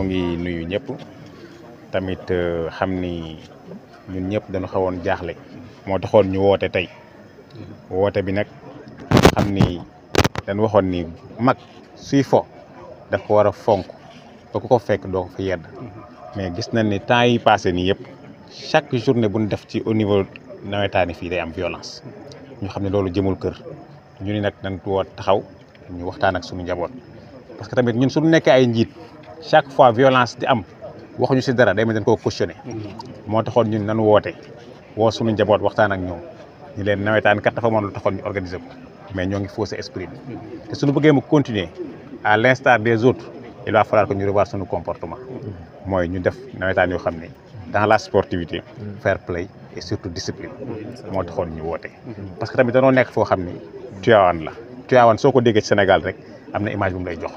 ñoo ngi nuyu ñëpp tamit euh, xam ni ñun ñëpp dañu xawoon jaaxle moo taxoon ñu woote tey woote bi nag xam ni dañ waxoon ni mag suy fo daf ko war a fonk ba ko fekk doo ko fa mais gis nañ ni temps yi passé ni yëpp chaque journée bu ñu def ci au niveau nawetaani fii day am violence ñu xam ne loolu jëmul kër ñu ni nag dañ woo taxaw ñu waxtaan ak suñu njaboot parce que tamit ñun suñu nekkee ay njiit chaque fois violence di am waxuñu si dara day mel dañ koo cautionné moo taxoon ñun nanu woote woo suñu njaboot waxtaan ak ñoom ñu leen nawetaan kat dafa moom lu taxoon ñu organiser ko mais ñoo ngi faussé esprit bi te suñu bëggee mu continuer à l'instar des autres il va falloir que ñu revoir suñu comportement mooy ñu def nawetaan yoo xam ne dans la sportivité fair play et surtout discipline moo taxoon ñu woote parce que tamit danoo nekk foo xam ne Tivaouane la Tivaouane soo ko déggee Sénégal rek am na image bu mu lay jox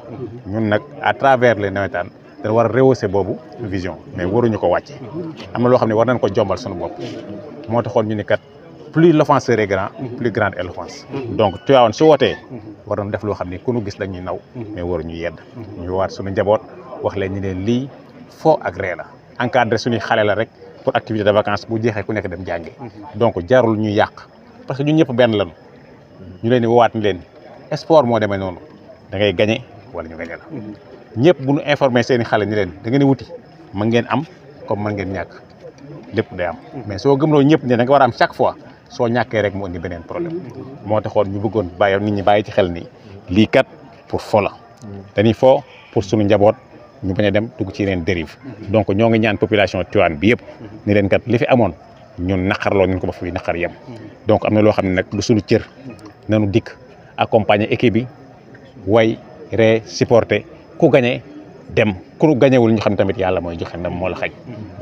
ñun nag à travers les nawetaan dana war a rehausser boobu vision mais waruñu ko wàcce am na loo xam ne war nañ ko jombal suñu bopp moo taxoon ñu ne kat plus l'offense serait grand plus grande est l'offense donc Tivaouane su wootee war nañ def loo xam ne ku ñu gis dañuy naw mais waruñu yedd ñu waat suñu njaboot wax leen ñu ne lii foo ak ree la encadré suñuy xale la rek pour activité de vacances bu jeexee ku nekk dem jàngi donc jarul ñu yàq parce que ñun ñëpp benn lañu ñu leen di leen sport moo demee noonu da ngay gañe wala ñu gañe la mm-hmm. ñëpp bu ñu informé seen xale ni leen da ngeen wuti man ngeen am comme mën ngeen ñàkk lépp day am mm-hmm. mais soo gëmloo ñëpp ne na nga war a chaque fois soo ñàkkee rek moo indi beneen problème mm-hmm. moo taxoon ñu bëggoon bàyyi nit ñu bàyyi ci xel ni lii kat pour fo la dañuy fo pour suñu njaboot ñu bañ a dem dugg ci yeneen dérive donc ñoo ngi ñaan population Tivaouane bi yëpp ni leen kat li fi amoon ñun naqarloo nañ ko ba fi naqar yem donc am na loo xam ne nag lu suñu cër nanu dikk accompagner équipe bi way ree supporter ku gañe dem ku gañewul ñu xam ne tamit yàlla mooy joxe ndam moo la xaj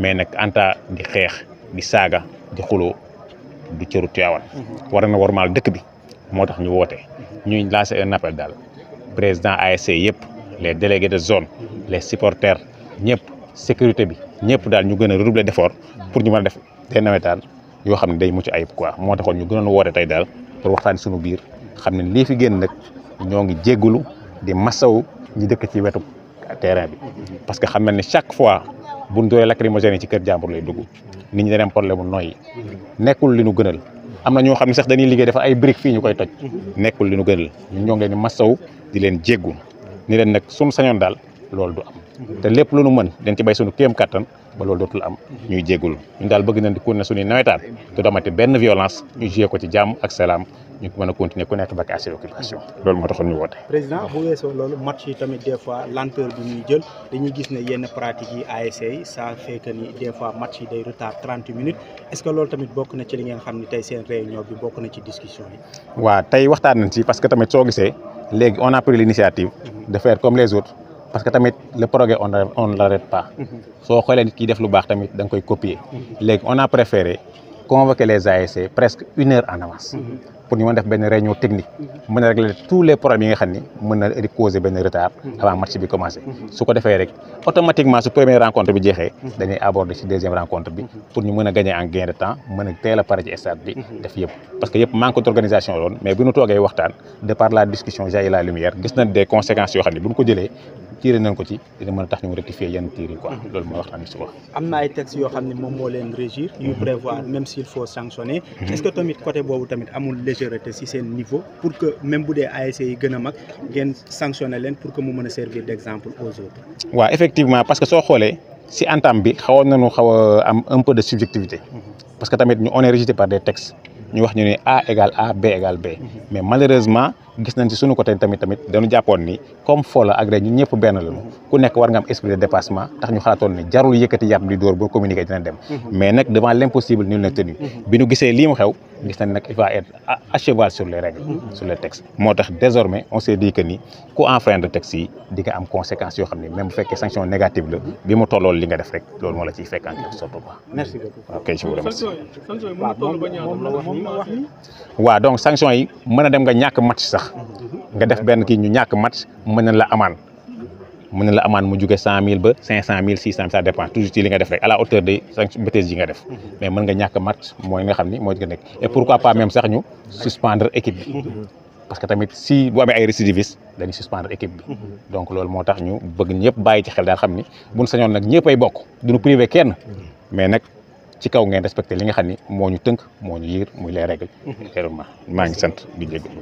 mais nag anta di xeex di saaga di xuloo du cëru Tiwaawan mhm. war na dëkk bi moo tax ñu woote ñu lancer un appel daal président ASC yëpp les délégués de zone les supporters ñëpp sécurité bi ñëpp daal ñu gën a redoubler defoor pour ñu mën a def des nawetaan yoo xam ne day mucc ayib quoi moo taxoon ñu gënoon woote tey daal pour waxtaan suñu biir xam ne lii fi génn nag ñoo ngi jéggulu di masawu ñi dëkk ci wetu terrain bi parce que xam na ne chaque fois bu buñ dooree lacrymogène ci kër jàmbur lay dugg nit ñi dañu am problème mu noyyi nekkul li nu gënal am na ñoo xam ne sax dañuy liggéey dafa ay briques fii ñu koy toj nekkul li nu gënal ñoo ngi leen di masawu di leen jéggu ni leen nag suñu sañoon daal loolu du am te lépp lu nu mën dañ ci bay suñu kéem kattan ba loolu dootul am ñuy jéggul ñun daal bëgg nañ di continuer suñuy du damati benn violence ñu jiyee ko ci jàmm ak salaam ñu mën a continuer ku bi ñuy jël dañuy gis ne yenn pratiques yi ASC yi ça fait ni des match day retard trente minutes est-ce que loolu tamit bokk na ci li ngeen xam ne tey seen réunion bi bokk na ci discussion yi waaw tey waxtaan nañ ci parce que tamit soo gisee léegi on a parce que tamit le progrès on on pas mhm. soo xoolee nit kiy def lu baax tamit da koy copier léegi on a préféré convoquer les ASC presque une heure en avance mhm. pour ñu mën def benn réunion technique mhm. mën a régler tous les problèmes yi nga xam ni mën na causer benn retard avant match bi commencé su ko defee rek automatiquement su première rencontre bi jeexee dañuy aborder ci deuxième rencontre bi pour ñu mën a gagner en gain de temps mën a teel a pare ci stade tiire nañ ko ci dina a tax ñu rectifier yenn tiir yi mhm. loolu mooy wax am na ay textes yoo xam ne moom moo leen régir yu mhm. prévoir même s'il faut sanctionner mhm. est tamit côté boobu tamit amul légèreté si seen niveau pour que même bu dee ASC yi gën a mag ngeen sanctionner leen pour que mu mën a servir d'exemple aux autres waaw effectivement parce que soo xoolee si entame bi xawoon nañu xaw am un peu de subjectivité parce que tamit ñu on est régi par ñu wax ñu ne A égale A B égale B mais malheureusement gis nañ ci suñu côté tamit tamit danu jàppoon ni comme foo la agré ñun benn lañu ku nekk war nga am esprit de dépassement tax ñu xalaatoon ne jarul yëkkati yàpp di dóor boo communiqué dina dem mhm. mais nag devant l'impossible nul n'est tenu mhm. bi ñu gisee lii mu xew gis nañ nag il va être à cheval sur les règles sur les textes moo tax désormais on s'est dit que ni ku de texte yi di nga am conséquences yoo xam ne même bu fekkee sanction négative la bi mu tollool li nga def rek loolu moo la ciy fekk en quelque sorte quoi merci beaucoup ok je vous waaw donc sanction yi mën a dem nga ñàkk match sax mhm. nga def benn kii ñu ñàkk match mën na la amaan mu ne la amende mu jóge cent mille ba cinq cent mille six cent ça dépend toujours ci li nga def rek à hauteur de bêtises yi nga def mhm. mais mën nga ñàkk match mooy nga xam ni moo ci nekk et ñu suspendre équipe bi mhm. parce que tamit si bu amee ay récidivistes dañuy suspendre équipe bi mhm. donc loolu moo tax ñu bëgg ñëpp bàyyi ci xel daal xam ni buñ sañoon nag ñëpp ay bokk duñu privé kenn mais nag ci kaw ngeen respecté li nga xam ni moo ñu tënk moo ñu yiir muy les règles. maa ngi sant di jégalu.